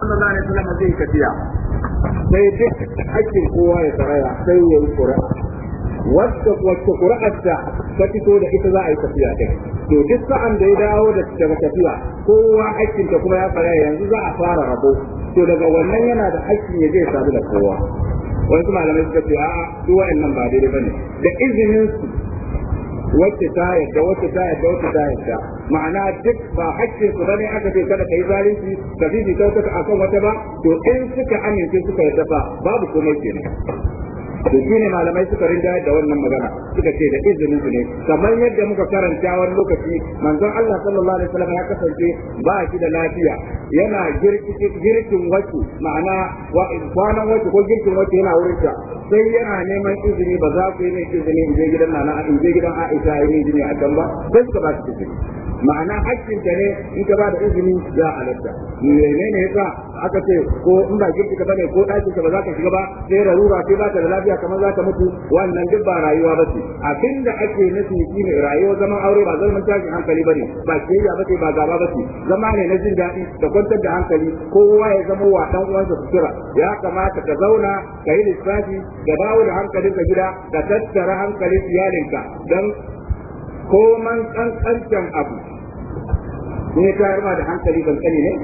sallallahu alaihi wasallam zai tafiya sai duk hakkin kowa ya saraya sai ya yi ƙuri'a wacce wacce ƙuri'arsa ta fito da ita za a yi tafiya kai to duk sa'an da ya dawo daga tafiya kowa hakkin ta kuma ya saraya yanzu za a fara rabo to daga wannan yana da hakkin ya zai sadu da kowa wasu malamai suka ce a'a duk wa'annan ba daidai bane da izinin su wacce ta yadda wacce ta yadda wacce ta yadda ma'ana duk ba hakkin su bane aka ce kada kai zalunci ka bi ta akan wata ba to in suka amince suka yadda fa babu komai kenan to ne malamai suka rinjayar da wannan magana suka ce da izinin su ne kamar yadda muka karanta wani lokaci manzon Allah sallallahu alaihi wasallam ya kasance ba shi da lafiya yana girkin wasu ma'ana kwanan wasu ko girkin wasu yana wurin sa sai yana neman izini ba za ku yi ne izini in je gidan nana in je gidan Aisha yi izini a can ba sai suka ba shi izini ma'ana hakkin ta ne in ka ba da izini za a lafiya menene yasa aka ce ko in ba girki ka bane ko ɗakin ka ba za ka shiga ba sai rarura sai ba ta da lafiya kamar za ka mutu wannan duk ba rayuwa ba ce da ake nufi shine rayuwa zaman aure ba zaman tashi hankali bane ba ya ba ce ba gaba ba ce zama ne na jin daɗi da kwantar da hankali kowa ya zama wa dan uwansa sutura ya kamata ka zauna ka yi lissafi da bawo da hankalinka gida da tattara hankalin iyalinka don koman kankancan abu ne ta da hankali kankani ne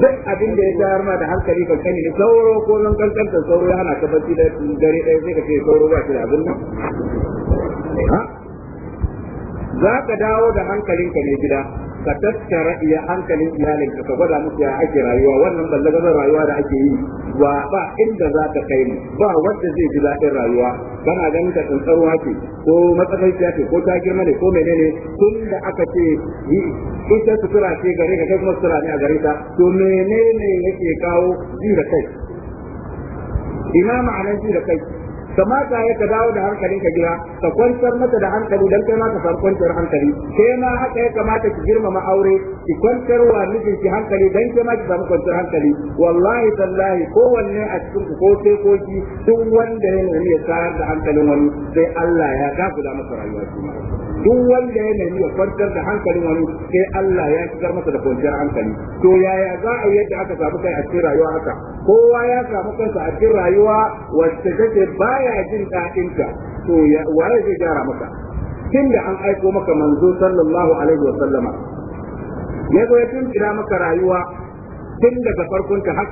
duk abin da ya tayar ma da hankali ka kani ne sauro ko nan kankantar sauro ya hana ka barci da dare ɗaya sai ka ce sauro ba shi da abin nan za ka dawo da hankalinka ne gida ka tattara iya hankalin iyalin ka gwada musu ya ake rayuwa wannan ballagazar rayuwa da ake yi wa ba inda za ka kai mu ba wanda zai ji daɗin rayuwa kana ganin ka tsantsarwa ce ko matsakaiciya ce ko ta girma ne ko menene tun da aka ce ita sutura ce gare ka kai kuma sutura ne a gare ta, to menene yake kawo ji da kai ina ma'anar ji da kai kamata ya ka dawo da hankalin ka gida ka kwantar mata da hankali dan kai ma ka kwantar hankali kai ma haka ya kamata ki girmama aure ki kwantar wa miji ki hankali dan kai ma ki kwantar hankali wallahi tallahi kowanne a cikin ku ko sai ko ki duk wanda ya nemi ya tsayar da hankalin wani sai Allah ya dakuda masa rayuwa duk wanda ya nemi ya kwantar da hankalin wani sai Allah ya shigar masa da kwanciyar hankali to yaya za a yadda aka samu kai a cikin rayuwa haka kowa ya samu kansa a cikin rayuwa wacce take baya jin ka, to ya, waye zai gyara maka tunda an aiko maka manzo sallallahu alaihi wa sallama ya zo ya tunkira maka rayuwa tun daga farkon ta har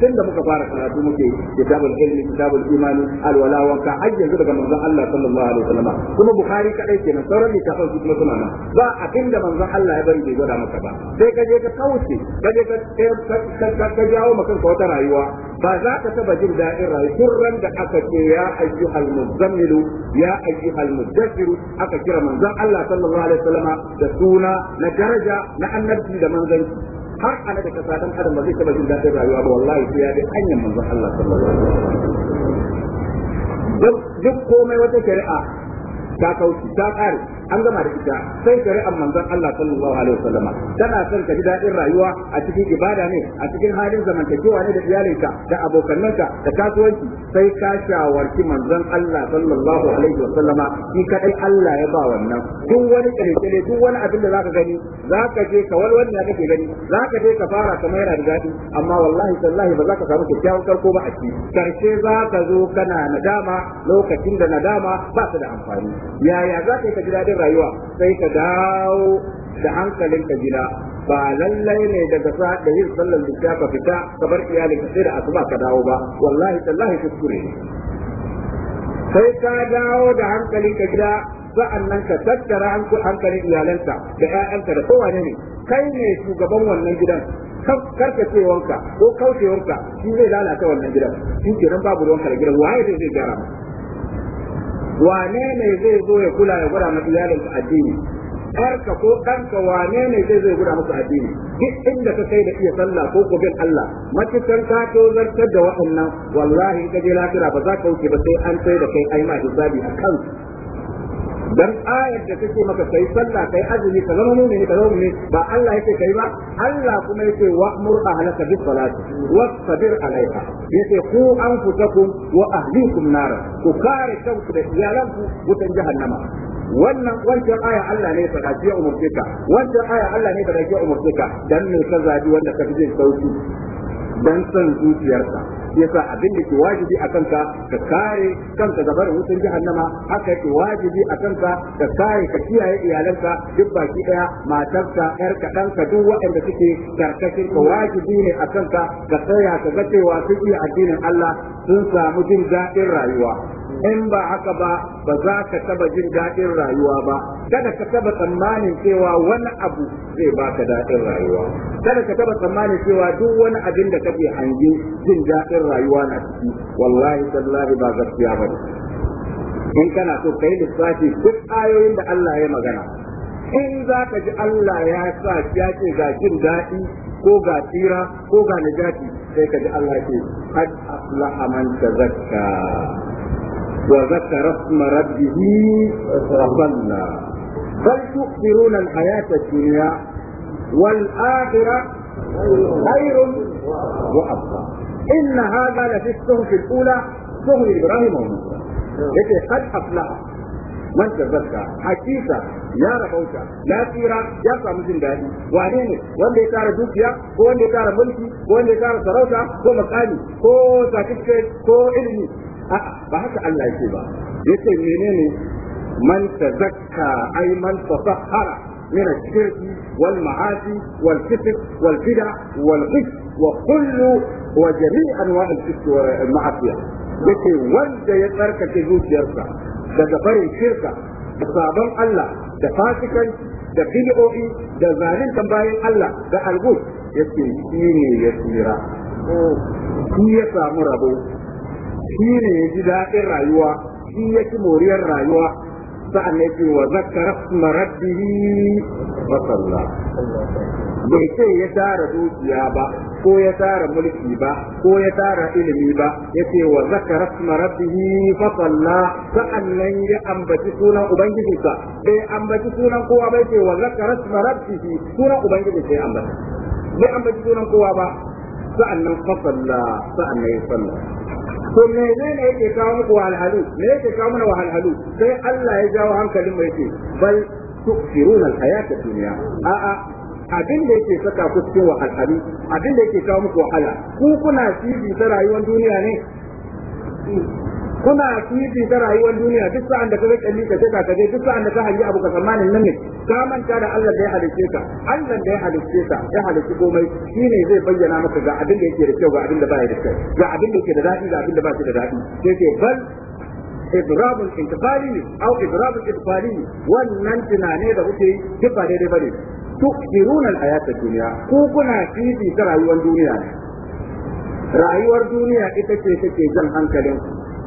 tun da muka fara karatu muke kitabul ilmi kitabul imani alwala wa ka har yanzu daga manzon Allah sallallahu alaihi wasallam kuma bukhari kadai kenan sauran littafin su kuma suna nan ba abinda manzon Allah ya bari bai gwada maka ba sai ka je ka kauce ka je ka ka jawo maka wata rayuwa ba za ka taba jin daɗin rayuwa kurran da aka ce ya ayyuhal muzammilu ya ayyuhal mudaththir aka kira manzon Allah sallallahu alaihi wasallam da suna na daraja na annabci da manzanci har ana da kasa dan adam ba zai taba jin daɗin rayuwa ba wallahi sai ya bi hanyar manzon Allah sallallahu alaihi wasallam duk komai wata shari'a ta kauci ta ƙare an gama da ita sai shari'ar manzon Allah sallallahu alaihi wasallam tana son ka ji daɗin rayuwa a cikin ibada ne a cikin halin zamantakewa ne da iyalinka da abokananka da kasuwanci sai ka shawarci manzon Allah sallallahu alaihi wasallama shi kadai Allah ya ba wannan duk wani kirkire duk wani abin da zaka gani zaka je ka walwali da kake gani zaka je ka fara kamar yana da daɗi amma wallahi tallahi ba za ka samu kyakkyawan karko ba a ciki karshe za ka zo kana nadama lokacin da nadama ba su da amfani yaya za yi ka ji daɗin rayuwa sai ka dawo da hankalinka gida ba lallai ne daga sa da yin sallar zuciya ka fita ka bar iyalinka sai da asuba ka dawo ba wallahi tallahi kuskure sai ka dawo da hankalinka ka gida nan ka tattara hankalin iyalanka da ƴaƴanka da kowane ne kai ne shugaban wannan gidan karkacewarka ko kaucewarka shi zai lalata wannan gidan shi kenan babu ruwanka da gidan waye zai gyara wane ne zai zo ya kula ya gwada maka iyalin ka addini ɗarka ko ɗanka wane ne zai zai guda maka addini duk inda ka kai da iya sallah ko ko bin Allah matukan ka to zartar da wa'annan, wallahi ka je lafira ba za ka wuce ba sai an sai da kai ai ma hisabi a kansu dan ayar da take maka kai sallah kai azumi ka zama mu'mini ka zama mu'mini ba Allah yake kai ba Allah kuma yake wa'mur ahlaka bis salati wasbir alaiha yake ku anfusakum wa ahlikum nar ku kare kanku da iyalanku wutan jahannama wannan wancan aya Allah ne ya ya umurce ka wancan aya Allah ne ya ya umurce ka dan me ka zabi wanda ka fi jin sauki dan san zuciyarsa yasa abin da ke wajibi a kanka ka kare kanka da barin wutar jahannama haka yake wajibi a kanka ka kare ka kiyaye iyalanka duk baki daya matarka yar ka duk waɗanda suke karkashin ka wajibi ne a kanka ka tsaya ka ga cewa sun iya addinin Allah sun samu jin daɗin rayuwa in ba haka ba ba za ka taba jin daɗin rayuwa ba kada ka taba tsammanin cewa wani abu zai baka daɗin rayuwa kada ka taba tsammanin cewa duk wani abin da kake hange jin daɗin rayuwa na ciki wallahi tallahi ba gaskiya ba in kana so kai lissafi duk ayoyin da Allah ya magana in za ka ji Allah ya sa ya ce ga jin daɗi ko ga tsira ko ga najati sai ka ji Allah ce qad aflaha man tazakka وذكر اسم ربه فصلى بل تؤثرون الحياة الدنيا والآخرة خير وأفضل إن هذا لفي في الأولى ظهر إبراهيم وموسى لكي قد أفلح من تذكر حكيسة يا ربوشة لا تيرا يا سامسين داني وعنيني وان دي تارا دوكيا وان دي تارا ملكي وان دي تارا سروشة هو مكاني هو ساكتشي هو إلمي a'a ba haka Allah yake ba yace menene man tazakka ay man tatahhara min ash shirki wal ma'asi wal kufr wal bid'a wal ghish wa kullu wa jami' anwa' al-kufr wal ma'asiya yace wanda ya tsarkake zuciyarsa daga farin shirka da sabon Allah da fasikan da bid'o'i da zalunta bayan Allah da algus yace shi ne ya tsira shi ya samu rabo shi ne ya ji daɗin rayuwa shi ya ci moriyar rayuwa sa'an ne ce wa zakara marabbihi wa sallah bai ce ya tara dukiya ba ko ya tara mulki ba ko ya tara ilimi ba ya ce wa zakara marabbihi fa salla sa'an nan ya ambaci sunan ubangijinsa bai ambaci sunan kowa bai ce wa zakara marabbihi sunan ubangijinsa ya ambata bai ambaci sunan kowa ba sa'an nan fa sa'an nan ya salla to menene yake kawo muku wahalhalu me yake kawo mana wahalhalu sai Allah ya jawo hankalin mai ce bal tukfirun alhayata dunya a a abin da yake saka ku cikin wahalhalu abin da yake kawo muku wahala ku kuna cibi ta rayuwar duniya ne kuna kifi ta rayuwar duniya duk sa'an da ka rike ni ka ce ka kaje duk sa'an da ka hangi abu ka tsammanin nan ne ka manta da Allah da ya halicce ka Allah da ya halicce ka ya halice komai shine zai bayyana maka ga abin da yake da kyau ga abin da ya da kyau ga abin da yake da dadi ga abin da ba shi da dadi sai ke bal إضراب انتقالي أو إضراب إضفالي والننتنا نيدا بكي تبا ديدي بري تؤثرون الحياة الدنيا كوكنا في في سرعي والدنيا rayuwar duniya ita ce take jan hankalin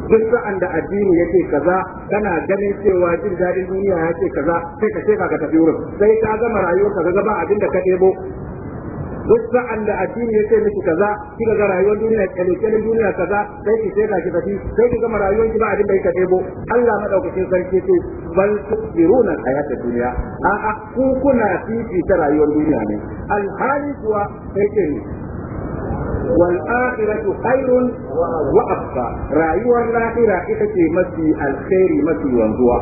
duk sa'an da addini yake kaza kana ganin cewa jin daɗin duniya yake kaza sai ka sai ka tafi wurin sai ka gama rayuwar ka ga ba abin da ka debo duk sa'an da addini yake miki kaza kika ga rayuwar duniya kalekele duniya kaza sai ki sai ka ki tafi sai ki gama rayuwar ki ba abin da ka debo Allah madaukakin sarki ce bal tusiruna hayata duniya a'a ku kuna fifi ta rayuwar duniya ne alhali kuwa sai ke والآخرة خير وأبقى رأيوا الآخرة إتكي مسي الخير مسي وانزوا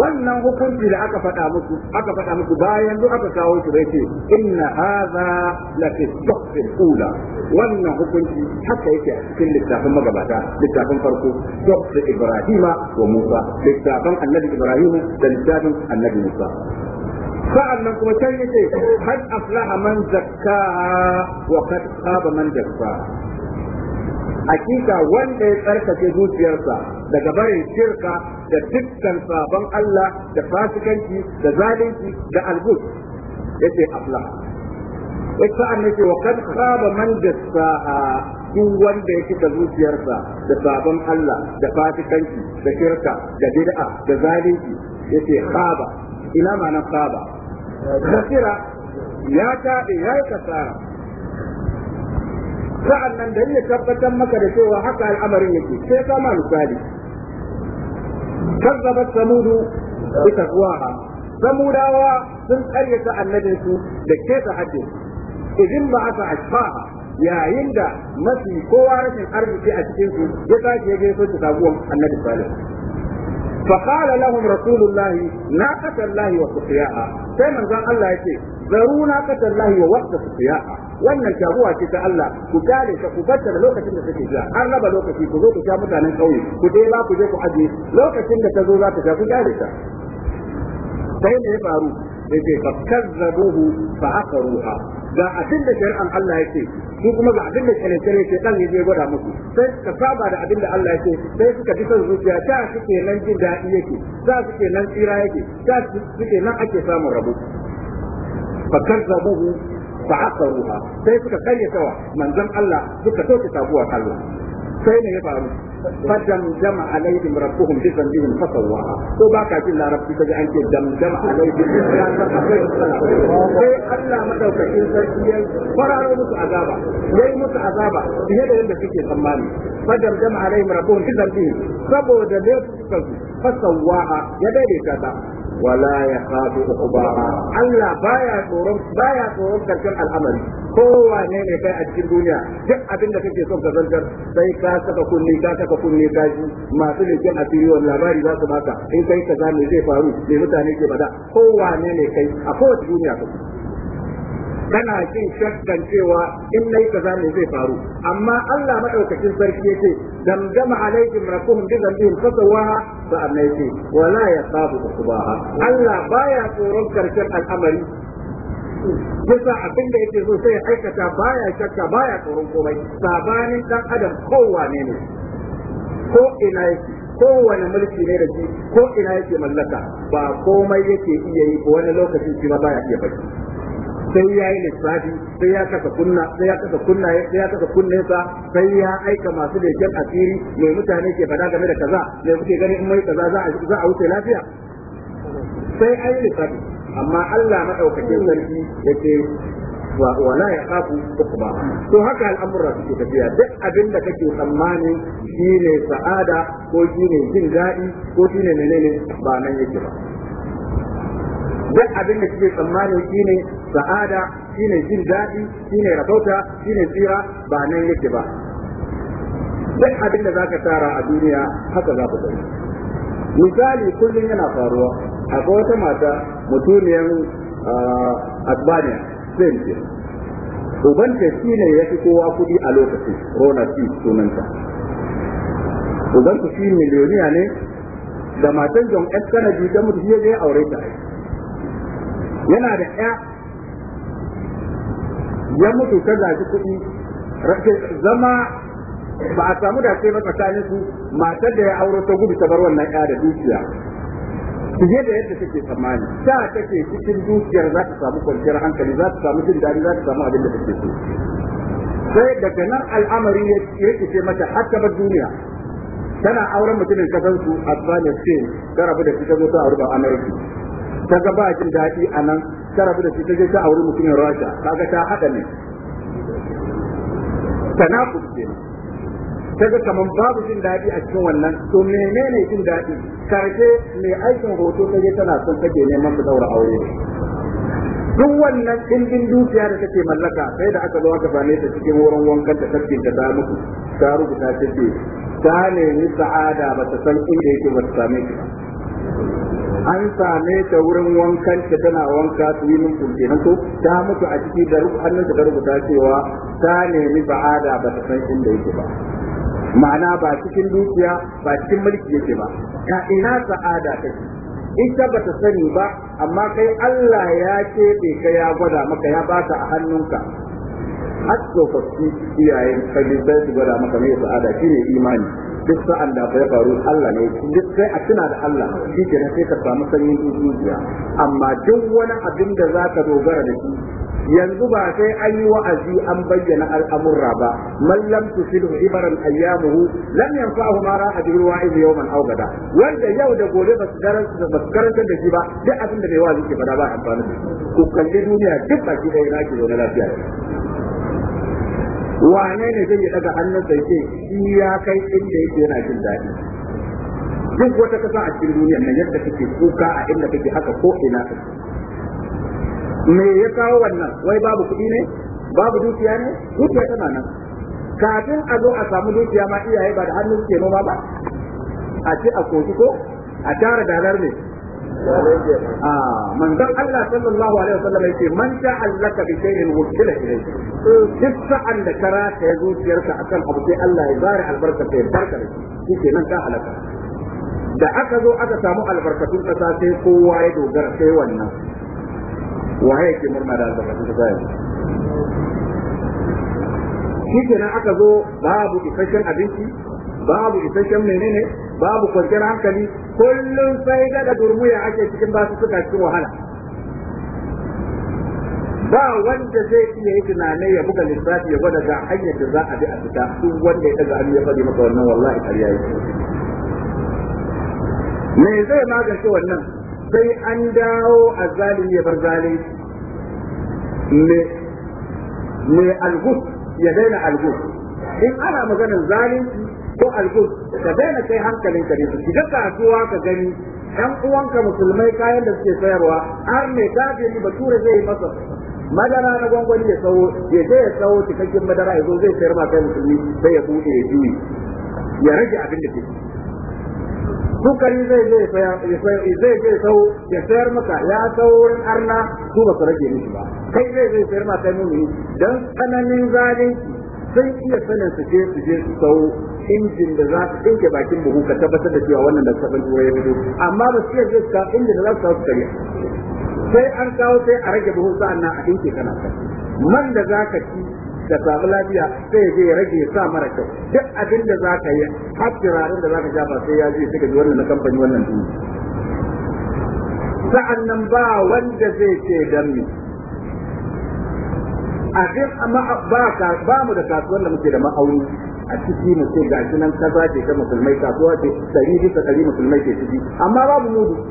wannan hukunci da aka faɗa musu aka faɗa bayan duk aka kawo shi bai ce inna hadha la fi tuhfil ula wannan hukunci haka yake a cikin littafin magabata littafin farko tuhfil ibrahima wa musa littafin annabi ibrahim da littafin annabi musa sa'an nan kuma can yake qad aflaha man zakkaha wa qad khaba man dakkaha hakika wanda ya tsarkake zuciyarsa daga barin shirka da dukkan sabon Allah da fasikanci da zalunci da algus yace afla wata an yake wa kad khaba man dassaha duk wanda ya cika zuciyarsa da sabon Allah da fasikanci da shirka da bid'a da zalunci yace khaba ina ma na saba kasira ya taɓe ya yi kasara sa'an da ya tabbatar maka da cewa haka al'amarin yake sai kama misali kazzabat samudu ita taqwaha samudawa sun karyata annabinsu da kesa hadde idin ba aka ashfaha yayin da mafi kowa rashin arziki a cikin su ya tashi ya gaiso ta sabuwan annabi فقال لهم رسول الله ناقة الله وسقياها سيما زان الله يتي ذروا ناقة الله ووقت سقياها wannan shaguwa ce ta Allah ku kare ku batta da lokacin da take ja an raba lokaci ku zo ku sha mutanen kauye ku dai ba ku je ku aje lokacin da tazo za ta sai ya faru da ke fakazzabuhu ga abin da shari'an Allah yake su kuma ga abin da shari'an yake dan yaje gwada musu sai suka saba da abin da Allah yake sai suka ji san zuciya ta suke nan jin daɗi yake za suke nan tsira yake ta suke nan ake samun rabo fakar zabuhu fa'aqaruha sai suka tawa manzon Allah suka soke sabuwar Allah sai ne ya faru fadam jama alaihim rabbuhum bi dhanbihim fasawaha ko ba ka jin larabci ka ji an ce dam jama alaihim sai Allah madaukakin sarki ya fararo musu azaba yayi musu azaba fiye da yadda suke tsammani fadam jama alaihim rabbuhum bi saboda laifukan fasawaha ya daidaita ta wala ya khafu uqbaha Allah baya tsoron baya tsoron karshen al'amari kowane ne kai a cikin duniya duk abin da kake son ka sai ka saka kunni ka saka kunni ka ji masu leken asiri wani labari za su baka in kai ka me zai faru mai mutane ke bada kowane ne kai a kowace duniya kake kana jin shakkan cewa in nayi kaza ne zai faru amma Allah madaukakin sarki yake damdama alaikum rabbuhum bi dhanbihim fasawaha fa annayti wala yaqabu subaha Allah baya tsoron karshen al'amari yasa abin da yake so sai aikata baya shakka baya tsoron komai sabanin dan adam kowa ne ko ina yake kowane mulki ne da shi ko ina yake mallaka ba komai yake iya yi wani lokaci shi ba baya iya faɗi. sai ya yi lissafi sai ya kasa kunna sai ya kasa kunna sai ya kasa kunne sa sai ya aika masu leken asiri mai mutane ke fada game da kaza mai muke gani in mai kaza za a za a wuce lafiya sai ai lissafi amma Allah madaukakin sarki yake wala ya kafu ba to haka al'amura suke tafiya duk abin da kake tsammani shine sa'ada ko shine jin daɗi ko shine menene ba nan yake ba duk abin da kike tsammani shine sa'ada shine jin daɗi shine rabauta shine tsira ba nan yake ba duk abin da zaka tara a duniya haka za ku gani misali kullum yana faruwa akwai wata mata mutuniyar ah, Albania Spain ce ubanta shine ya fi kowa kuɗi a lokacin Ronald P sunanta ubanku shi miliyoniya ne da matan John F. Kennedy ta mutu shi ya aure ta yana da ya ya mutu ta zaji kuɗi zama ba a samu da ce ba tsakanin su matar da ya auro ta gudu ta bar wannan ya da dukiya fiye da yadda take tsammani ta take cikin dukiyar za ta samu kwanciyar hankali za ta samu jin daɗi za ta samu abin da take so sai daga nan al'amari ya rikice mata har ta bar duniya tana auren mutumin kasansu a Spain Spain ta rabu da shi ta zo ta auri ba ta ga ba jin daɗi a nan ta rabu da shi ta je ta auri mutumin rasha kaga ta haɗa ne tanakub ke ta ga kaman babu jin daɗi a cikin wannan to menene jin daɗi karshe mai aikin hoto ta je tana son take neman su daura aure duk wannan ɗimbin dukiya da take mallaka sai da aka zo aka bane ta cikin wurin wankan da tafkin da ta muku ta rubuta ta ce ta nemi sa'ada ba ta san inda yake ba ta same ta an same ta wurin wankan ta tana wanka su yi min kenan ko ta mutu a ciki da hannun ta rubuta cewa ta nemi ba'ada ba ta san inda yake ba ma'ana ba cikin dukiya ba cikin mulki yake ba ka ina sa'ada ta ta ita ta sani ba amma kai Allah ya keɓe ka ya gwada maka ya ba ta a hannunka har tsofaffi iyayen zai su gwada maka mai sa'ada shi ne imani duk sa'an da bai faru Allah ne duk sai a tuna da Allah shi ke sai ka samu sanyin zuciya amma duk wani abin da za ka dogara da shi yanzu ba sai an yi wa'azi an bayyana al'amurra ba man lam tusidu ibaran ayyamuhu lam yanfa'hu ma ra'a bi wa'iz yawman aw gada wanda yau da gobe ba su garanta ba su garanta da shi ba duk abin da bai wa'azi ke fada ba amfani ku kalli duniya duk baki ɗaya na ke zaune lafiya wane ne zai daga da yake shi ya kai inda yake yana jin daɗi duk wata kasa a cikin duniya nan yadda kake kuka a inda kake haka ko ina me ya kawo wannan wai babu kuɗi ne babu dukiya ne dukiya tana nan kafin a zo a samu dukiya ma iyaye ba da hannun ke noma ba a ce a koki ko a tara dalar ne Ah, manzon Allah sallallahu alaihi wasallam yake man ta'allaka bi shay'in wukila ilayhi duk sa'an da kara ta ya zuciyarka akan abu sai Allah ya zare albarka ta barka da shi kenan da aka zo aka samu albarkatun ƙasa sai kowa ya dogara sai wannan waye yake murna da albarkatun kasa shi aka zo babu isasshen abinci babu isasshen menene babu kwanciyar hankali kullum sai ga da durmuya ake cikin basu suka cikin wahala ba wanda zai iya yi tunanai ya buga lissafi ya gwada ga hanyar da za a bi a fita duk wanda ya daga ya faɗi maka wannan wallahi ƙarya yake me zai magance wannan sai an dawo a zalimi ya bar zalimi me me algus ya daina algus in ana maganar zalunci ko algus ka daina kai hankalin ka ne su shiga kasuwa ka gani ɗan uwanka musulmai kayan da suke sayarwa har mai ni bature zai yi masa madara na gwangwani ya sawo ya je ya sawo cikakken madara ya zo zai sayar ma kai musulmi sai ya buɗe ya juyi ya rage abin da ke sukari zai zai zai zai sau ya sayar maka ya sau wurin arna su ba su rage mishi ba kai zai zai sayar maka mumini don tsananin zalunci zai iya sanin su je su je su sau injin da za su tsinke bakin buhu ka tabbatar da cewa wannan da sabon turai ya fito amma ba su iya zai ka injin da za su sau su kariya sai an kawo sai a rage buhu sa'an na a dinke kana ka man da za ka ci da samu lafiya sai je ya rage ya sa mara kyau duk abin da za ka yi har tirarin da za ka shafa sai ya je sai ka ji wannan na kamfani wannan duniya sa'an nan ba wanda zai ce dan amma ba mu da kasuwar da muke da ma'auni a ciki mu ce ga shi nan kaza ce ta musulmai kasuwa ce dari bisa dari musulmai ke ciki amma babu mudu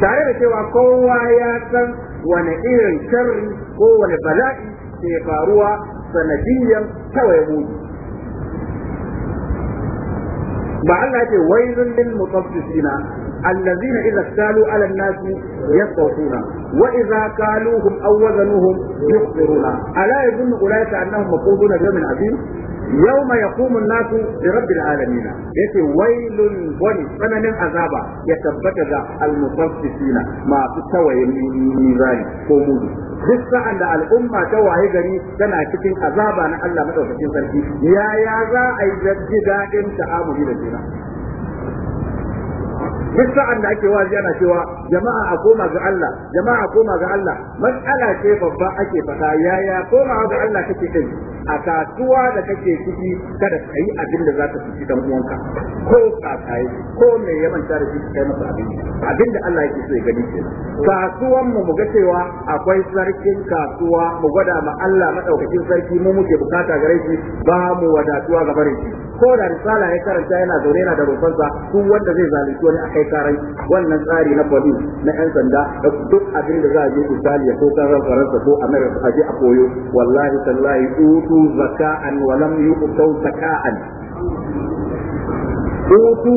tare da cewa kowa ya san wani irin sharri ko wani bala'i ke faruwa sanadiyan kawai mudu ba Allah ce wayrun lil mutaffifina الذين إذا اكتالوا على الناس يستوفون وإذا كالوهم أو وزنوهم يخسرون ألا يظن أولئك أنهم مقومون بيوم عظيم يوم يقوم الناس لرب العالمين يتي ويل بني فنن عذابا يتبت ذا المتصفين ما تسوي ميزان قومون duk sa'an da al'umma ta waye gari tana cikin azaba na Allah madaukakin sarki yaya za a yi daɗin ta'amuli da juna duk sa'an da ake wazi ana cewa jama'a a koma ga Allah jama'a a koma ga Allah matsala ce babba ake fata yaya koma ga Allah kake kai a kasuwa da kake ciki kada ka yi abin da za ka ci dan uwanka ko kakai ko me ya manta da shi kai masa abin abin da Allah yake so ya gani ke kasuwan mu muga cewa akwai sarkin kasuwa mu gwada ma Allah madaukakin sarki mu muke bukata gare shi ba mu wadatuwa ga bare shi ko da risala ya karanta yana zaune yana da rufansa duk wanda zai zalunci wani a kai wannan tsari na police na yan sanda da duk abin da za a je Italiya ko karan Faransa ko America a je a koyo wallahi tallahi utu zaka'an wa lam yu'tau zaka'an utu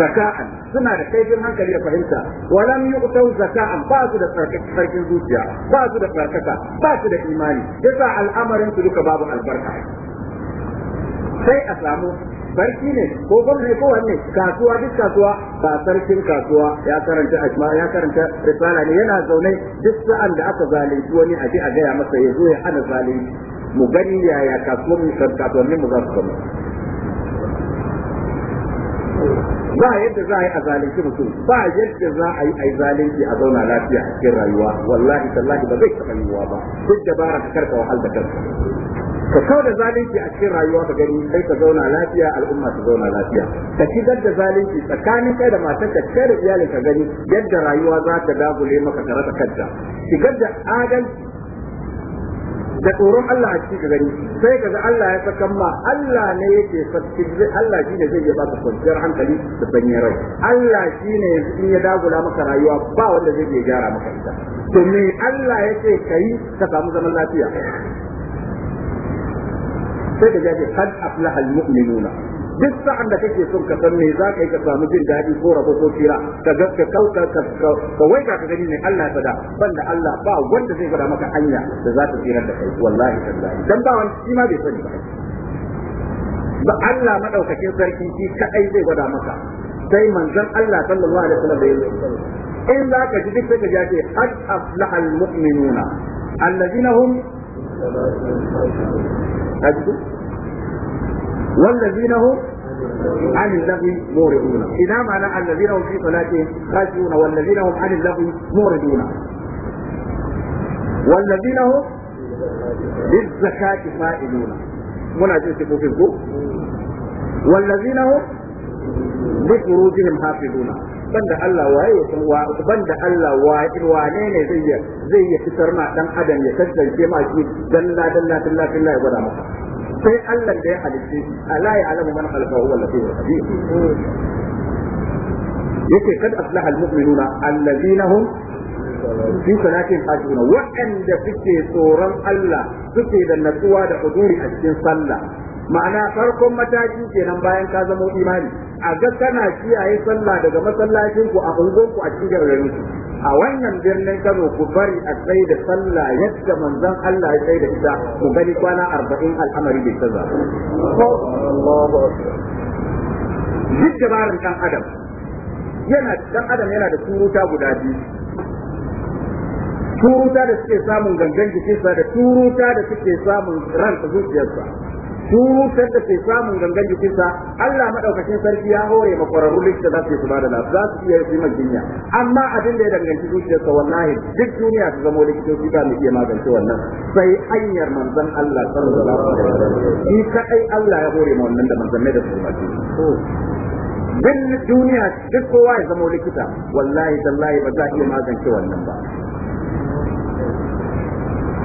zaka'an suna da kaifin hankali da fahimta walam yu'tau zaka'an ba su da sarkin zuciya ba su da tsarkaka ba su da imani yasa al'amarin su duka babu albarka sai a samu barki ne ko gwamnati ko wanne kasuwa duk kasuwa ba sarkin kasuwa ya karanta ajma ya karanta risala ne yana zaune duk sa'an da aka zalunci wani a a gaya masa ya zo ya hana zalunci mu gani yaya kasuwar mu kasuwannin mu za su kama ba yadda za a yi a zalunci mutum ba yadda za a yi a zalunci a zauna lafiya a cikin rayuwa wallahi tallahi ba zai taɓa yiwuwa ba duk da bara ka karka wahal da kanka ka so da zalunci a cikin rayuwa ka gani sai ka zauna lafiya al'umma su zauna lafiya ka ci da zalunci tsakanin kai da matar ka kai da iyalin ka gani yadda rayuwa za ta dagule maka ka rasa kanta Ki da adalci da tsoron Allah a cikin gani, sai ka ga Allah ya saka ma Allah ne yake sarki Allah shi ne zai baka kwanciyar hankali da sanyin rai Allah shi ne in ya dagula maka rayuwa ba wanda zai iya gyara maka ita to me Allah yake kai ka samu zaman lafiya sai ka jaje kad aflaha almu'minuna duk sa'an da kake son ka san me za ka yi ka samu jin daɗi ko rabo ko tsira ka ga ka kauka ka wai ka gani ne Allah ta da banda Allah ba wanda zai fada maka hanya da za ta tsira da kai wallahi tallahi dan ba wani shi ma bai sani ba ba Allah madaukakin sarki shi kadai zai gwada maka sai manzon Allah sallallahu alaihi wasallam bai in za ka ji duk sai ka ji ake qad aflaha almu'minuna alladhina hum أجد والذين هم عن اللغو موردون إذا معنى الذين هم في صلاتهم خاشعون والذين هم عن اللغو موردون والذين هم للزكاة فائلون منا جنسكم في الكوب والذين هم لفروجهم حافظون banda Allah waye ya san banda Allah wane ne zai ya zai ya fitar ma dan adam ya kasance ma shi dalla dalla dalla dalla ya gwada maka sai Allah da ya halitta ala ya alamu man khalaqa huwa al-latif al-khabir yake kad aflaha al-mu'minuna alladhina hum fi salatin khashi'un wa'anda suke tsoron Allah suke da natsuwa da huduri a cikin sallah ma'ana farkon mataki kenan bayan ka zama imani a ga kana kiyaye sallah daga masallacin ku a ungon ku a cikin garin ku a wannan birnin Kano ku bari a tsaye da sallah yadda manzon Allah ya tsaye da ita ku gani kwana 40 al'amari bai kaza Allahu akbar duk dabarin dan adam yana dan adam yana da turuta guda biyu turuta da suke samun gangan jikinsa da turuta da suke samun ran zuciyarsa tutar da ke samun gangan jikinsa Allah madaukakin sarki ya hore makwararru likita za su ba da lafiya za su iya yi mai jinya amma abin da ya danganci zuciyarsa wallahi duk duniya su zama likitoci ba mu iya magance wannan sai hanyar manzon Allah sallallahu alaihi wasallam shi kai Allah ya hore ma wannan da manzon da su ba duk duniya duk kowa ya zama likita wallahi tallahi ba za a iya magance wannan ba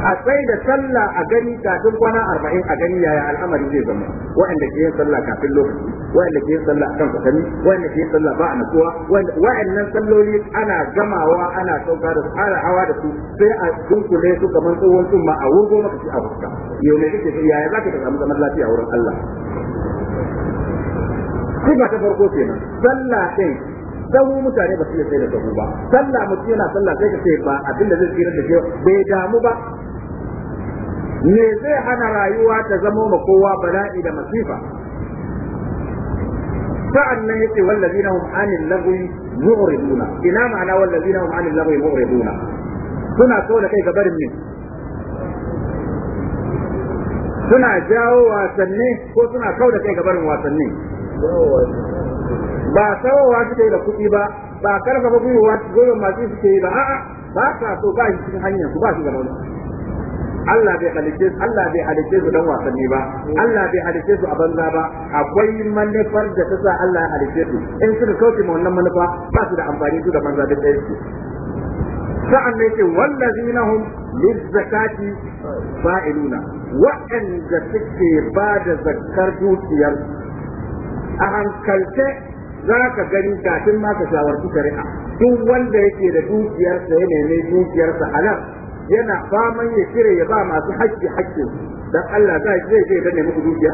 a tsaye da sallah a gani kafin kwana arba'in a gani yaya al'amari zai zama wa'anda ke yin sallah kafin lokaci wa'anda ke yin sallah kan kwatami wa'anda ke yin sallah ba a natsuwa wa'annan salloli ana gamawa ana sauka da su ana hawa da su sai a dunkule su kamar tsohon tsumma a wurgo maka shi a fuska yau ne kake yaya za ka samu zaman lafiya wurin Allah Kuma ta farko kenan sallah ɗin sahu mutane ba su iya sai da sahu ba sallah mutum yana sallah sai ka sai ba abinda zai tsira da shi bai damu ba me zai hana rayuwa ta zamo ma kowa bala'i da masifa sa'annan yace wallazina hum anil lagwi mu'riduna ina ma'ana wallazina hum anil lagwi mu'riduna suna so da kai ga barin ne suna jawo wasanni ko suna kau da kai ga barin wasanni ba sawowa suke da kuɗi ba ba karfafa gwiwa masu suke yi ba a'a ba sa so ba shi cikin hanyar su ba shi ga gaban Allah bai halice su Allah bai halice su dan wasanni ba Allah bai halice su a banza ba akwai manufar da ta sa Allah ya halice su in suka kauce ma wannan manufa ba su da amfani su da banza da tsaye su sa'an ne ce wallazina hum lizzakati fa'iluna wa'anda suke ba da zakkar dukiyar a hankalce za ka gani kafin ma ka shawarci shari'a duk wanda yake da dukiyarsa ya nemi dukiyarsa halal yana faman ya cire ya ba masu haƙƙi haƙƙin dan Allah zai zai zai danne muku dukiya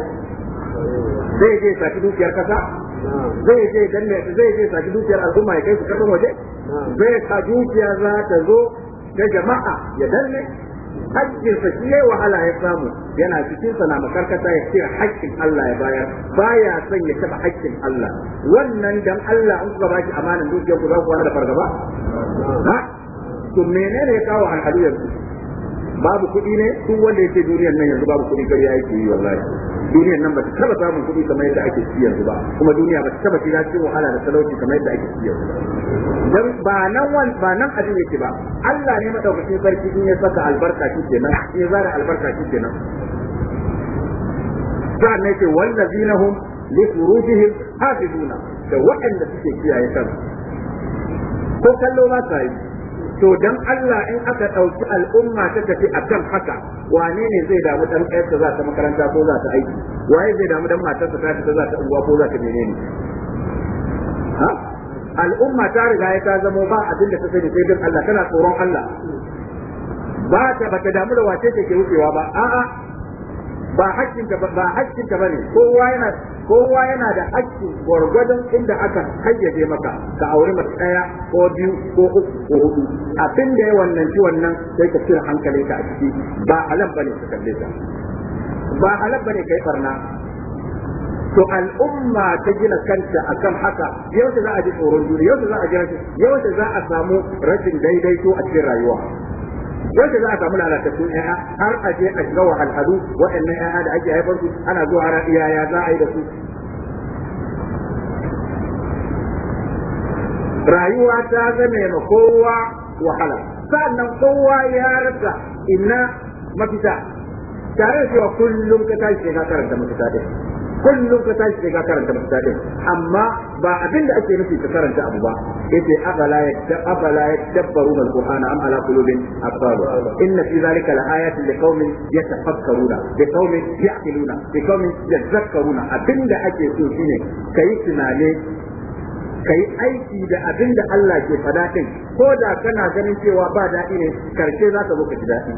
zai zai saki dukiyar kasa zai zai danne zai zai saki dukiyar al'umma ya kai su kasan waje zai sa dukiya za ta zo ga jama'a ya danne haƙƙin sa shi yayi wahala ya samu yana cikin sa na makarkata ya ce haƙƙin Allah ya bayar baya son ya taba haƙƙin Allah wannan dan Allah in kuka baki amanan dukiyar ku za ku wani da fargaba to menene ya kawo al'adu yanzu babu kuɗi ne duk wanda yake duniyar nan yanzu babu kuɗi kariya yake yi wallahi duniyar nan ba ta taba samun kuɗi kamar yadda ake ciki yanzu ba kuma duniya ba ta taba shiga cikin wahala da talauci kamar yadda ake ciki yanzu ba nan wan ba nan abin yake ba Allah ne madaukakin sarki in ya saka albarka shi in ya zara albarka shi nan. sa'an ne ce wallazina hum li furujihim hafizuna da waɗanda suke kiyaye kansu ko kallo ma yi. to dan Allah in aka ɗauki al'umma ta tafi akan haka wane ne zai damu dan ƙayarsa za ta makaranta ko za ta aiki waye zai damu dan matarsa ta fita za ta unguwa ko za ta menene ha al'umma ta riga ya ta zama ba abin da ta sani sai dan Allah tana tsoron Allah ba ta ta damu da wace ke wucewa ba a'a ba hakkinta ba hakkinta bane kowa yana kowa yana da haƙƙi gwargwadon inda aka hayyaje maka ka auri mace ɗaya ko biyu ko uku ko hudu abin da ya wannan ci wannan sai ka cire hankali ka a ciki ba halal bane ka kalle ta ba halal bane kai barna to al'umma ta gina kanta akan haka yau za a ji tsoron duniya yau za a ji rashin za a samu rashin daidaito a cikin rayuwa wanda za a samu lalatattun ƴaƴa har a je a shiga wahalhalu waɗannan ƴaƴa da ake haifar su ana zuwa har yaya za a yi da su rayuwa ta zame ma kowa wahala sannan kowa ya rasa ina mafita tare da cewa kullum ka tashi ka karanta mafita ɗin kullum ka tashi sai ka karanta mafita din amma ba abin da ake nufi ka karanta abu ba yace afala ya afala ya dabbaru al-qur'ana am ala qulubin aqfalu inna fi zalika la-ayatin liqaumin yatafakkaruna liqaumin ya'qiluna liqaumin yatazakkaruna abinda ake so shine kai tunane ka yi aiki da abin da Allah ke fada kai ko da kana ganin cewa ba daɗi ne karshe za ka zo ka ji daɗi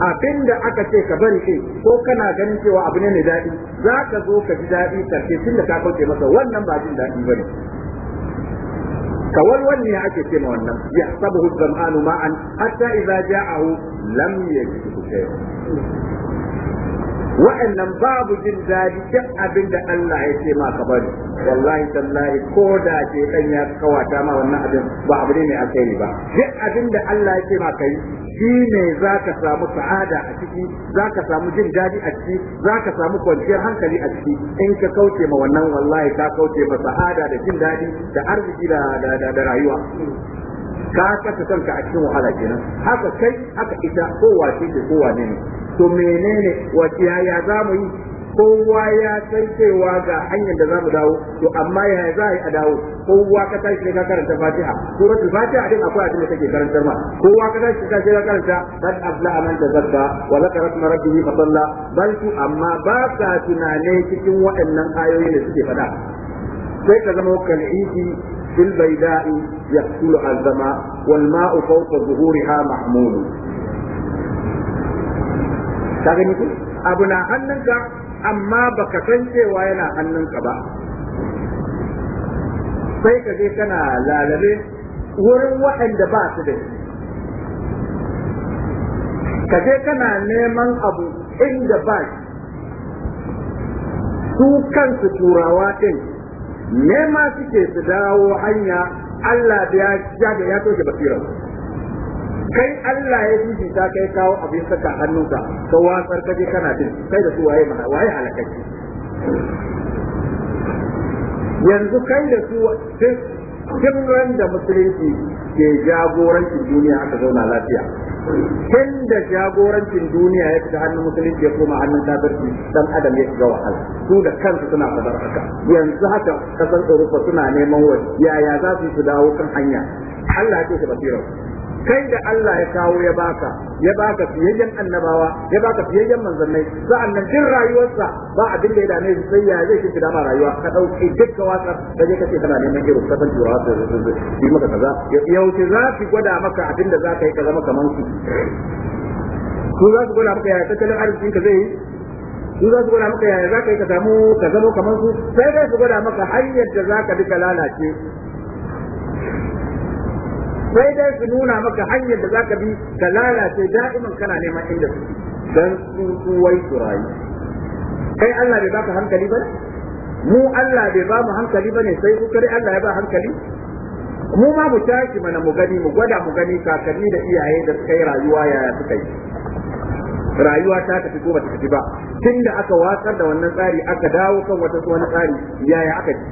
Abin da aka ce ka bari ke, ko kana ganin cewa abu ne mai daɗi za ka zo ka ji daɗi karfe tun da ka kauce masa wannan ba jin daɗi bane wani ne ake ce ma wannan ya sabu hujjar ma'an hatta idza ja'ahu lam su shay'an wa'annan babu jin daɗi duk abin da Allah ya ce maka bari wallahi tallahi ko da ce dan ya kawata ma wannan abin ba abu ne mai alkhairi ba duk abin da Allah ya ce maka yi shi ne zaka samu sa'ada a ciki zaka samu jin daɗi a ciki zaka samu kwanciyar hankali a ciki in ka kauce ma wannan wallahi ka kauce ma sa'ada da jin daɗi da arziki da da rayuwa ka saka kanka a cikin wahala kenan haka kai haka ita kowa ce ke kowa ne to menene wace yaya za yi kowa ya san cewa ga hanyar da za mu dawo to amma yaya za a yi a dawo kowa ka tashi ka karanta fatiha ko suratul fatiha din akwai abin da take karantar ma kowa ka tashi ka ka karanta abla aman da zakka wa zakara isma fa salla bal amma ba ka tunane cikin waɗannan ayoyin da suke faɗa sai ka zama kal'iki في البيداء يقتلها الظما والماء فوق ظهورها محمول kagani ku abu na hannunka amma baka san cewa yana hannunka ba sai ka je kana lalabe wurin waɗanda ba su da shi ka je kana neman abu inda ba shi su kansu turawa ɗin nema suke su dawo hanya Allah da ya ya toshe basira kai Allah ya fi ta kai kawo abin saka hannunka ka watsar kaje kana din kai da su waye ma waye yanzu kai da su duk ran da musulunci ke jagorancin duniya aka zauna lafiya kin da jagorancin duniya ya fita hannun musulunci ya koma hannun kafirci dan adam ya shiga wahala su da kansu suna fadar haka yanzu haka kasar Europa suna neman wani yaya za su su dawo kan hanya Allah ya ce basirar. kai da Allah ya kawo ya baka ya baka fiyayyen annabawa ya baka fiyayyen manzannai sa'annan din rayuwarsa ba abin da ya dame shi sai ya zai shi ma rayuwa ka dauke dukkan watsar da je kace kana neman irin kasan turawa da yi maka kaza yauce za ki gwada maka abin da za ka yi ka zama kaman su za su gwada maka yaya tattalin arzikin ka zai yi su za su gwada maka yaya za ka yi ka samu ka zama kaman su sai dai su gwada maka hanyar da za ka duka lalace sai dai su nuna maka hanyar da zaka bi ka lalace da'iman kana neman inda su dan su su rayu kai Allah bai baka hankali ba mu Allah bai ba mu hankali ne sai ku kare Allah ya ba hankali mu ma mu tashi mana mu gani mu gwada mu gani kakanni da iyaye da suka yi rayuwa yaya suka yi rayuwa ta tafi ko ba ta tafi ba tunda aka watsar da wannan tsari aka dawo kan wata wani tsari yaya aka yi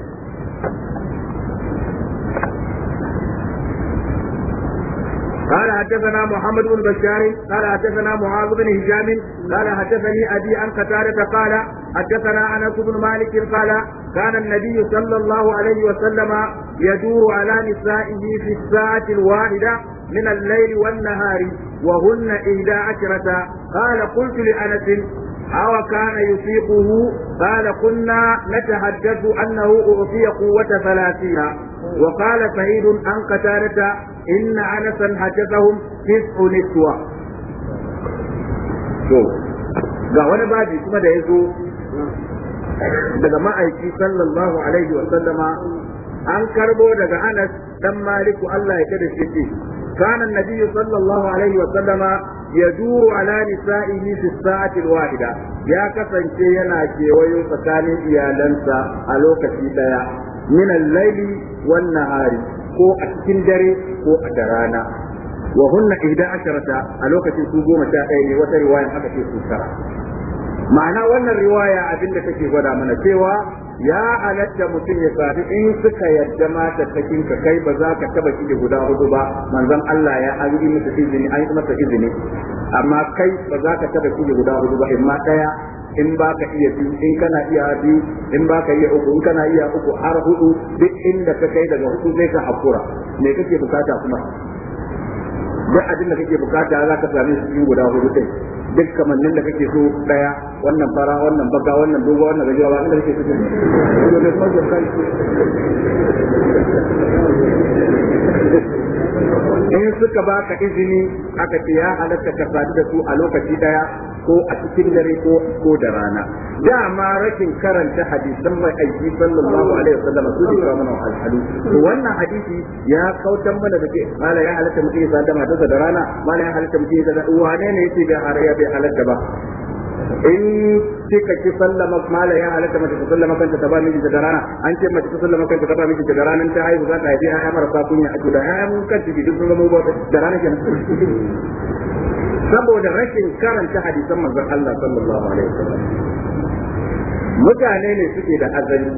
قال حدثنا محمد بن بشار قال حدثنا معاذ بن هشام قال حدثني ابي عن قتادة قال حدثنا انس بن مالك قال كان النبي صلى الله عليه وسلم يدور على نسائه في الساعة الواحدة من الليل والنهار وهن إحدى عشرة قال قلت لأنس أو كان يطيقه قال كنا نتحدث أنه أعطي قوة ثلاثين وقال سعيد عن قتادة إن أنسا حدثهم تسع نسوة ga wani baji kuma da ya daga ma'aiki sallallahu alaihi wa sallama an karɓo daga anas dan maliku Allah ya kada shi كان النبي صلى الله عليه وسلم يدور على نسائه في الساعة الواحدة يا كسن كينا كيوي فكاني إيالنسا ألوك سيدايا من الليل والنهار كو أكتندري كو أدرانا وهن إحدى عشرة ألوك سيسوبو مشاعيني وترواية حكا سيسوكرا ma'ana wannan riwaya abin da take gwada mana cewa ya halatta mutum ya sadu in suka yadda mata sakin ka kai ba za ka taba kike guda hudu ba manzon Allah ya an yi masa izini an yi masa izini amma kai ba za ka taba kike guda hudu ba in ma daya in ba ka iya biyu in kana iya biyu in ba ka iya uku in kana iya uku har hudu duk inda ka kai daga hudu zai ka hakura me kake bukata kuma duk abin da kake bukata za ka sami shi guda hudu din duk kamannin da kake so daya wannan fara wannan baga wannan dogo wannan gajera ba inda kake so to in suka ba ka izini aka ce ya halatta ka sadu da su a lokaci daya ko a cikin dare ko ko da rana dama rashin karanta hadisan mai aiki sallallahu alaihi wasallam su ne kawo mana alhalu to wannan hadisi ya kautan mana da ke mala ya halatta mutum ya sanda matarsa da rana mala ya halatta mutum ya sanda wane ne yake bai haraya bai halatta ba in kika ki sallama mala ya halatta mace ta sallama kanta ta ba miji da rana an ce mace ta sallama kanta ta ba miji da rana ta haihu za ta haifi ayya marasa kunya a da ayya mun kanta ki duk sun zama da rana kenan saboda rashin karanta hadisan manzon Allah sallallahu alaihi wasallam mutane ne suke da azali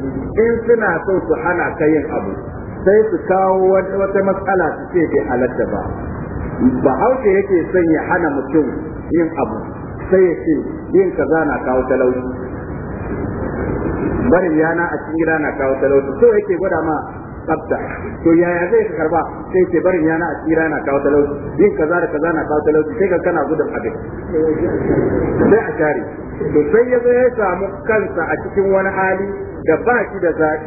in suna so su hana ka yin abu sai su kawo wata matsala su ce bai halatta ba hauke yake son ya hana mutum yin abu sai ya ce yin kaza na kawo talauci barin yana a cikin gida na kawo talauci so yake gwada ma to yaya zai karba sai ce barin yana a tsira na kawo talauci yin kaza da kaza na kawo talauci sai ka kana gudun abin sai a share to sai ya zo ya samu kansa a cikin wani hali da ba shi da zaɓi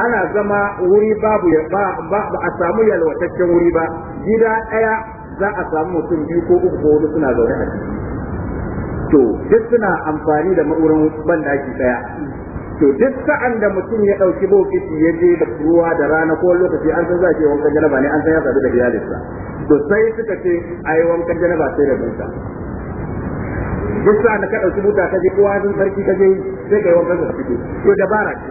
ana zama wuri babu ya ba ba a samu yalwataccen wuri ba gida ɗaya za a samu mutum biyu ko uku ko wani suna zaune a ciki to duk suna amfani da ma'urin bandaki ɗaya to duk sa'an da mutum ya dauki bokiti ya je da ruwa da rana ko lokaci an san za shi wankan janaba ne an san ya sadu da iyalinsa to sai suka ce ai wankan janaba sai da buta duk sa'an da ka dauki buta ka je kowa sun sarki ka je sai ka yi wankan da to dabara ce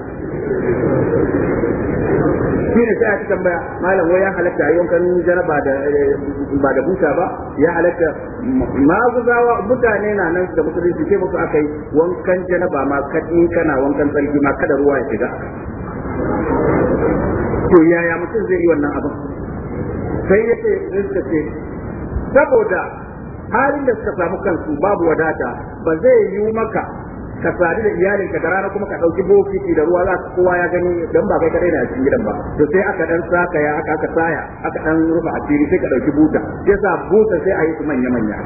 shi ne sai aka tambaya malam wai ya halatta a yankan jaraba da eh, ba da buta ba ya halatta maguzawa mutane na nan da musulunci ce musu aka yi wankan jaraba ma kadin kana wankan tsarki ma kada ruwa ya shiga to yaya mutum zai yi wannan abin sai ya ce suka ce saboda halin da suka samu kansu babu wadata ba zai yi maka ka sadu da iyalin ka da rana kuma ka dauki bokiti da ruwa za ka kowa ya gani dan ba kai kadai na cikin gidan ba to sai aka dan saka ya aka aka saya aka dan rufa asiri sai ka dauki buta sa buta sai a yi su manya manya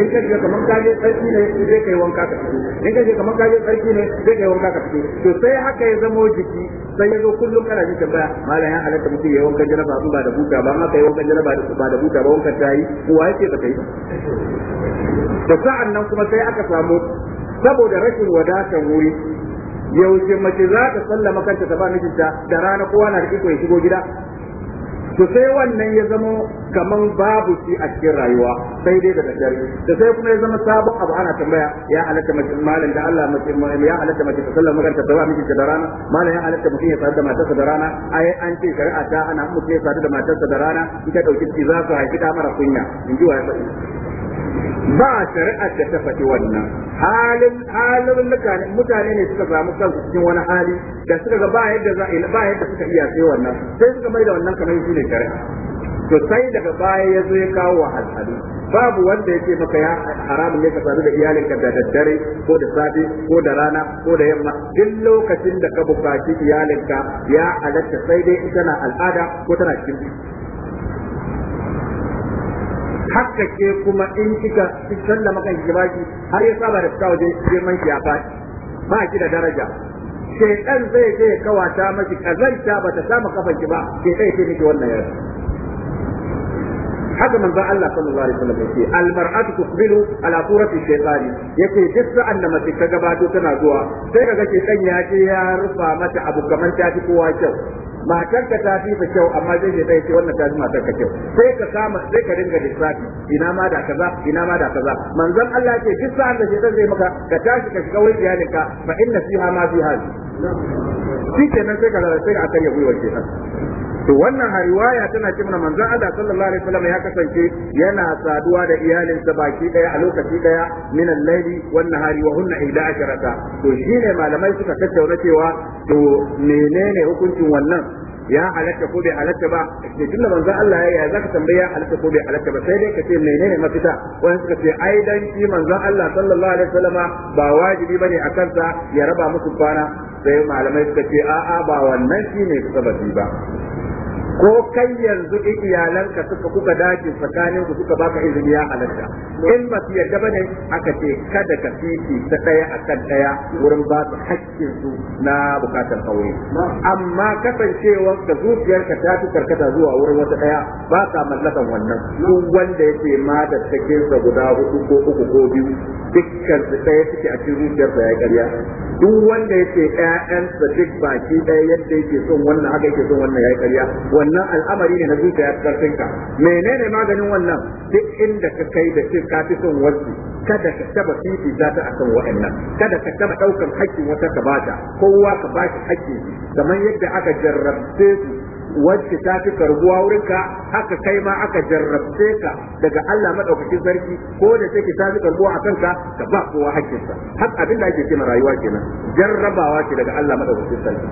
in ka je kaman kaje sarki ne sai kai wanka ka fito in ka je kaman kaje sarki ne sai kai wanka ka fito to sai haka ya zamo jiki sai ya zo kullum kana jin tambaya malam ya halatta mutum ya wanka jaraba in ba da buta ba amma kai wanka jana ba da buta ba wanka tayi kowa yake ka kai da sa'an nan kuma sai aka samu saboda rashin wadatar wuri yaushe mace za ta sallama kanta ta ba mijinta da rana kowa na da iko ya shigo gida to sai wannan ya zama kaman babu shi a cikin rayuwa sai dai da daddare da sai kuma ya zama sabon abu ana tambaya ya halatta mace malam da Allah mace ya halatta mace ta sallama kanta ta ba mijinta da rana malam ya halatta mutum ya sadu da matarsa da rana ai an ce shari'a ta ana mutum ya sadu da matarsa da rana ita dauki ciki za su haifi ta mara kunya in ji wa ya ba shari'ar da ta faɗi wannan halin halin mutane ne suka samu kansu cikin wani hali da suka ga ba yadda za ba yadda suka iya sai wannan sai suka mai da wannan kamar ne shari'a to sai daga baya ya zo ya kawo wa al'adu babu wanda ya ce maka ya haramun ne ka sadu da iyalinka da daddare ko da safe ko da rana ko da yamma duk lokacin da ka bukaci iyalinka ya alatta sai dai tana al'ada ko tana cikin haka ke kuma in kika sallama kan ki baki har ya saba da fita waje girman ki ya faɗi ba ki da daraja ɗan zai je kawata maki kazanta ba ta samu kafan ki ba shedan ya ce miki wannan yarda haka manzo Allah sallallahu alaihi wasallam yake almar'atu tuqbilu ala surati shaytani yake duk sa'an da mace ta gabato tana zuwa sai kaga ke dan ya ce ya rufa mata abu kamar ta ci kowa kyau matarka ta fi ta kyau amma zai dai ce wannan ta matar matarka kyau sai ka kama sai ka dinga lissafi ina ma da kaza ina ma da kaza manzon Allah yake duk sa'an da shaytan zai maka ka tashi ka shiga wurin iyalinka fa inna fiha ma fiha shi kenan sai ka sai a karya gwiwar kenan to wannan riwaya tana ce mana manzon Allah sallallahu alaihi wasallam ya kasance yana saduwa da iyalinsa baki daya a lokaci daya min al-layli wan nahari wa hunna ila asharata to shine malamai suka tattauna cewa to menene hukuncin wannan ya halatta ko bai halatta ba da tunda manzon Allah ya zaka tambaya halatta ko bai halatta ba sai dai ka ce menene mafita wani suka ce ai dan shi manzon Allah sallallahu alaihi wasallama ba wajibi bane a kansa ya raba musu kwana sai malamai suka ce a'a ba wannan shine sababi ba ko kai yanzu in iyalanka suka kuka dace tsakanin ku suka baka izini ya halatta in ba su yarda ne aka ce kada ka fifi ta daya akan daya wurin ba su hakkin su na bukatar aure amma kasancewar ka zuciyarka ta fi karkata zuwa wurin wata ɗaya ba ka mallakan wannan duk wanda yake ma da take sa guda hudu ko uku ko biyu dukkan su daya suke a cikin zuciyarsa ya karya duk wanda yake ƴaƴansa duk baki ɗaya yadda yake son wannan haka yake son wannan yayi ƙarya wannan al'amari ne na zuciya karfin ka menene maganin wannan duk inda ka kai da ce ka fi son wasu kada ka taba fifita ta akan waɗannan kada ka taba ɗaukan haƙƙin wata ka bata kowa ka bashi haƙƙi kamar yadda aka jarrabce su wacce ta fi karbuwa wurinka haka kai ma aka jarrabce ka daga Allah madaukakin sarki ko da take ta fi karbuwa a kanka ka ba kowa hakkinsa har abin da ake cewa rayuwa kenan jarrabawa ce daga Allah madaukakin sarki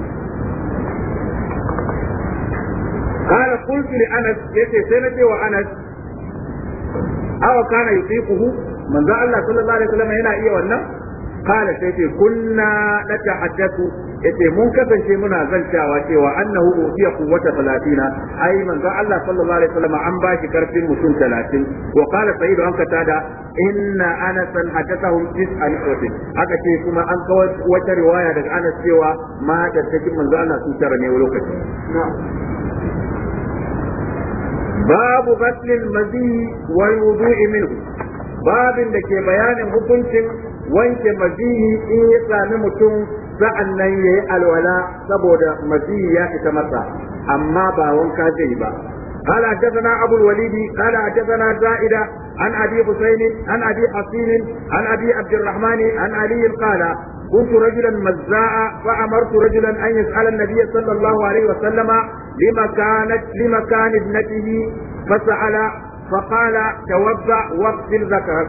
قال قلت لأنس يتي سنتي وأنس أو كان يطيقه من ذا الله صلى الله عليه وسلم هنا إيه والنم قال سيتي كنا نتحدث yace mun kasance muna zantawa cewa annahu utiya quwwata 30 ai manzo Allah sallallahu alaihi wasallam an ba shi karfin mutum 30 wa qala sayyid an katada inna anas hadathahum tis'an qutin haka ce kuma an kawar wata riwaya daga anas cewa ma da cikin manzo Allah su tara ne lokaci babu ghaslil mazi wal wudu'i minhu babin da ke bayanin hukuncin wanke mazihi in ya sami mutum sa'an nan ya yi alwala saboda maziyi ya fita masa amma ba wanka zai ba قال حدثنا ابو الوليد قال حدثنا زائده عن ابي حسين عن ابي حصين عن ابي عبد الرحمن عن علي قال كنت رجلا مزاعا فامرت رجلا ان يسال النبي صلى الله عليه وسلم لمكانة لمكان ابنته فسال فقال توضا واغسل ذكرك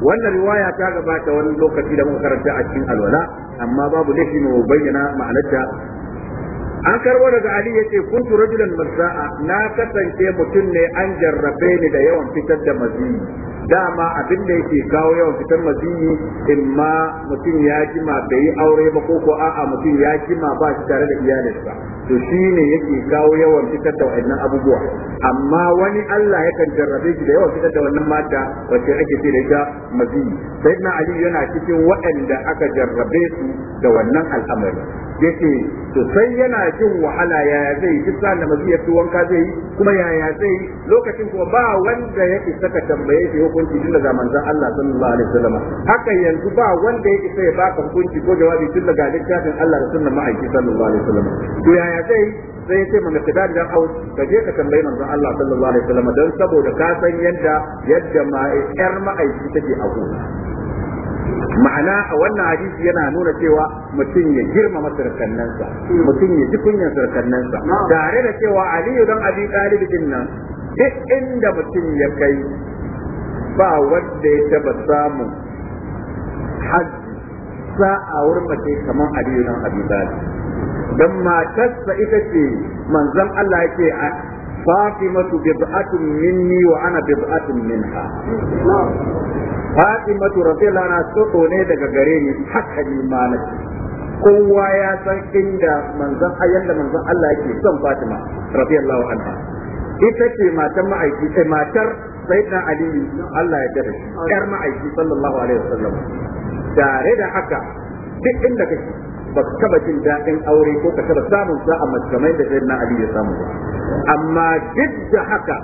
wannan riwaya ta gabata wani lokaci da muka karanta a cikin alwala amma babu laifi mu bayyana ma'anarta an karbo daga Ali yace kuntu rajulan mazza'a na kasance mutum ne an jarrabe ni da yawan fitar da maziyi dama abin da yake kawo yawan fitar maziyi imma mutum ya jima bai aure ba ko ko a'a mutum ya jima ba shi tare da iyalinsa to shine yake kawo yawan fitar da wannan abubuwa amma wani Allah ya kan jarrabe shi da yawan fitar da wannan mata wacce ake ce da ita maziyi sayyidina Ali yana cikin waɗanda aka jarrabe su da wannan al'amari yake to sai yana jin wahala yaya zai duk sa'an da mazi wanka zai yi kuma yaya zai yi lokacin kuma ba wanda ya isa ka tambaye shi hukunci tun daga manzon Allah sallallahu alaihi wasallam haka yanzu ba wanda ya isa ya baka hukunci ko jawabi tun daga littafin Allah da sunnar ma'aiki sallallahu alaihi wasallam to yaya zai sai ya ce mu dan haus ka je ka tambayi manzon Allah sallallahu alaihi wasallam dan saboda ka san yadda yadda ma ma'aiki take a ma'ana a wannan hadisi yana nuna cewa mutum ya girmama masarkannansa mutum ya ji kunyan sarkannansa tare da cewa aliyu dan abi talib din nan duk inda mutum ya kai ba wanda ya taba samun hajji sa'awar mace kamar aliyu dan abi talib don matarsa ita ce manzon Allah yake masu bid'atun minni wa ana bid'atun minha fatimatu radiyallahu anha tsoko ne daga gare ni haka ni malaki kowa ya san inda manzon ayyanda manzon Allah yake son Fatima radiyallahu anha ita ce matan ma'aiki sai eh, matar sayyidina Ali Allah ya dade yar ma'aiki sallallahu alaihi wasallam tare da haka duk inda kake ba ka taba jin daɗin aure ko ka taba samun sa'a mace kamar da sayyidina Ali ya samu ba amma duk da haka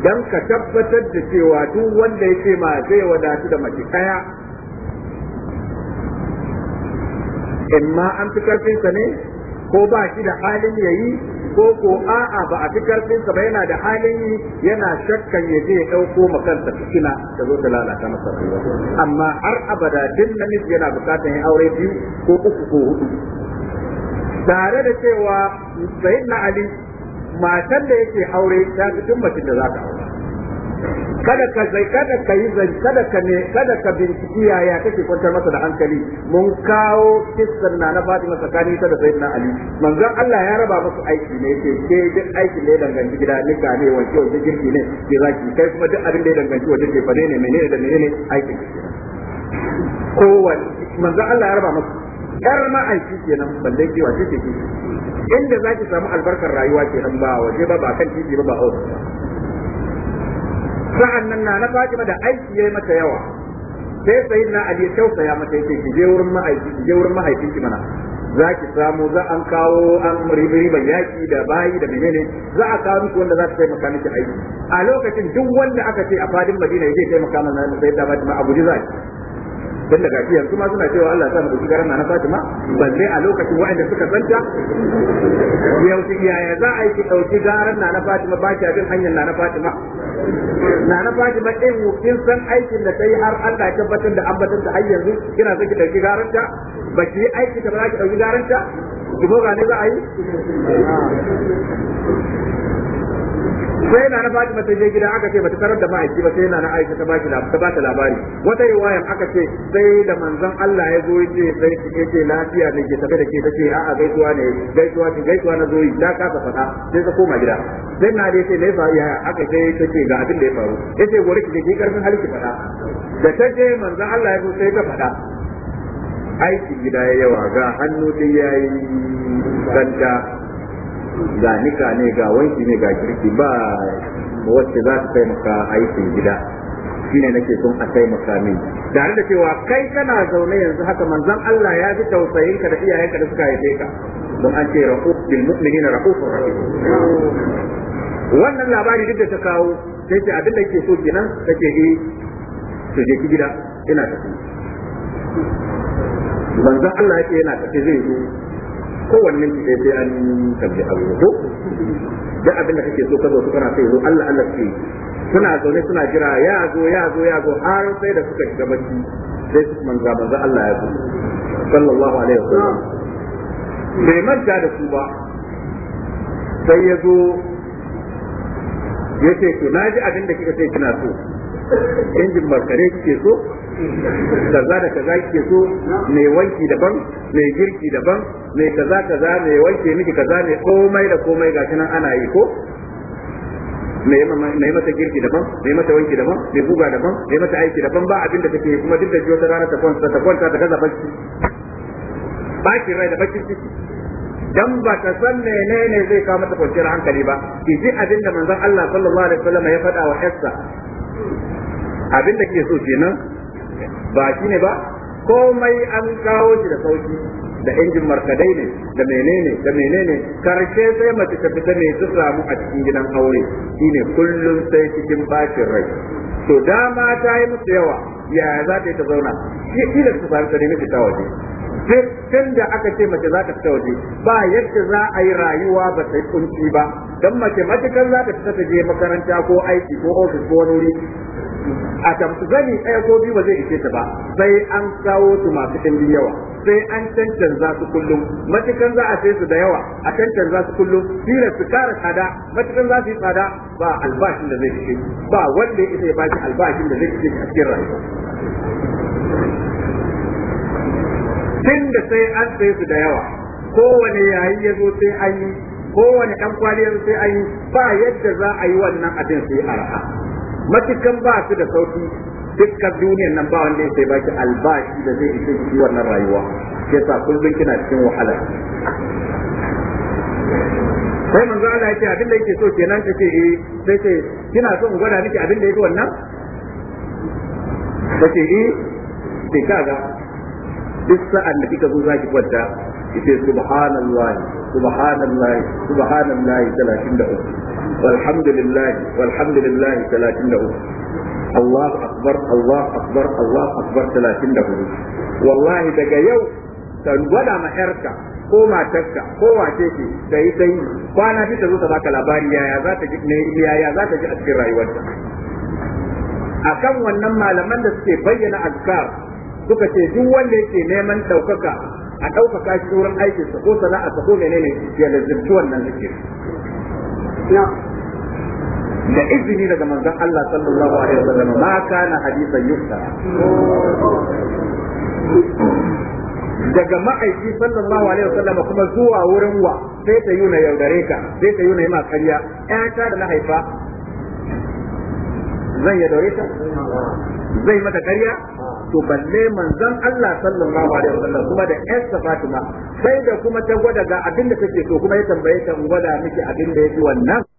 dan ka tabbatar da cewa duk wanda ya ce ma zai wadatu da mace kaya In ma an fi karfinsa ne ko ba shi da halin yayi ko ko a'a ba a fi karfinsa ba yana da halin yana shakkan ya je ya ɗauko makansa fitina da zo ta lalata masa rayuwa amma har abada badatin namiji yana bukatan yin aure biyu ko uku ko hudu tare da cewa sayyidina ali matan da yake aure ta fi duk mace da za ka aure kada ka zai kada ka yi zai kada ka ne kada ka binciki yaya kake kwantar masa da hankali mun kawo kissar na na Fatima tsakanin ta da Sayyidina Ali manzon Allah ya raba musu aiki ne yake ke duk aikin ne danganci gida ne ka ne wanke wanke girki ne ke zaki kai kuma duk abin da ya danganci waje ke fade ne menene da menene aikin kowanne manzon Allah ya raba musu yar ma'aiki kenan balle kiwa ce ke inda za ki samu albarkar rayuwa nan ba waje ba ba kan titi ba ba ofis sa'an nan na na Fatima da aiki yayi mata yawa sai sai na Ali ya mata yake ki je wurin mahaifi ki je wurin mahaifinki mana za ki samu za an kawo an riban yaki da bayi da menene za a kawo miki wanda za ta taimaka miki aiki a lokacin duk wanda aka ce a fadin Madina ya je taimaka mana sai da Fatima guji za dan daga shi yanzu ma suna cewa Allah ya sa mu dauki garan na Fatima balle a lokacin wa'anda suka santa yauki yaya za a yi ki dauki garan na Fatima ba ki abin hanyar na Fatima na Fatima din kin san aikin da tayi har Allah ya tabbatar da ambatar da har yanzu kina zaki ki dauki garan ta ba ki aiki ta ba ki dauki garan ta ki boga ne za a yi sai na na Fatima ta je gida aka ce bata tarar da ma'aiki ba sai na na Aisha ta baki ta bata labari wata riwayar aka ce sai da manzon Allah ya zo yace sai yace lafiya ne ke tafe da ke tace a'a gaisuwa ne gaisuwa ce gaisuwa na zo yi ta kasa fada sai ta koma gida sai na dai sai ne fa ya aka sai tace ga abin da ya faru yace gore ki ji karfin hali fada da ta je manzon Allah ya zo sai ta fada. aiki gida ya yawa ga hannu din yayi kanta ga nika ne ga wanki ne ga kirki ba wacce za ta taimaka aikin gida shine nake son a taimaka min tare da cewa kai kana zaune yanzu haka manzon Allah ya tausayin ka da iyayenka da suka haife ka don an ce rauf bil mu'minina raufur rahim wannan labari duk da ta kawo sai ce abin da ke so kenan kake yi eh, to je ki gida ina tafi manzon Allah yake yana tafi zai zo kowanne ki dai sai an tambaye aure ko da abin da kake so ka zo su kana sai zo Allah Allah ke suna zaune suna jira ya zo ya zo ya zo har sai da suka shiga bacci sai su manza manza Allah ya zo sallallahu alaihi wasallam bai manta da su ba sai ya zo ya ce to na ji abin da kika sai kina so injin markare ke so kaza da kaza ke so mai wanki daban mai girki daban mai kaza kaza mai wanke miki kaza mai komai da komai gashi nan ana yi ko mai mata girki daban mai mata wanki daban mai buga daban mai mata aiki daban ba abin da take kuma duk da ji wata rana ta kwanta ta kwanta ta kaza bacci bakin rai da bakin ciki dan ba ta san menene zai kawo mata kwanciyar hankali ba ki ji abin da manzon Allah sallallahu alaihi wasallam ya faɗa wa hassa abin da ke so kenan ba shi ne ba komai an kawo shi da sauki da injin markadai ne da menene da menene karshe sai mace ta fita ne ta samu a cikin gidan aure shine kullum sai cikin bacin rai to dama ta yi musu yawa ya za ta yi ta zauna shi kila su fara ta nemi fita waje duk tun da aka ce mace za ta fita waje ba yadda za a yi rayuwa ba ta yi kunci ba don mace matukan za ta fita ta je makaranta ko aiki ko ofis ko wani wuri a tamsu zani ɗaya ko biyu ba zai ishe ta ba sai an kawo su masu ɗimbin yawa sai an za su kullum matukan za a sai su da yawa a za su kullum fila su kara tsada matukan za su yi tsada ba albashin da zai ishe ba wanda ya isa ya bashi albashin da zai ishe a cikin rayuwa tun da sai an sai su da yawa kowane yayi ya zo sai an yi kowane ɗan zo sai an yi ba yadda za a yi wannan abin sai arha matukan ba su da sauki dukkan duniyar nan ba wanda ya sai baki albashi da zai isa shi wannan rayuwa Ke sa kullum kina cikin wahala sai manzo Allah yake abin da yake so kenan take eh sai ce kina so in gwada miki abin da yake wannan take eh sai kaga duk sa'an da kika zo za ki kwanta ki yace subhanallah subhanallah subhanallah 33 walhamdulillah walhamdulillah 33 Allahu أكبر Allahu أكبر الله أكبر 34 Wallahi daga yau ka gwada ma yarka ko matarka ko wace ce da ita yi kwana ta zo ta baka labari yaya za ta ji yaya za ta ji a cikin rayuwarta akan wannan malaman da suke bayyana azkar suka ce duk wanda yake neman ɗaukaka a ɗaukaka shi wurin aikinsa ko sana'a sana'arsa ko menene ya lazimci wannan zikiri da izini daga manzon Allah sallallahu alaihi wa sallam. ma kana hadisan yukta daga ma'aiki sallallahu alaihi wasallam kuma zuwa wurin wa sai ta yuna yaudare ka sai ta yuna yi ma karya, ƴata da na haifa zan yaudare ta zai mata karya? to balle manzon Allah sallallahu alaihi wasallam kuma da ƴarsa Fatima sai da kuma ta gwada ga abin da take so kuma ya tambaye ta gwada miki abin da yake wannan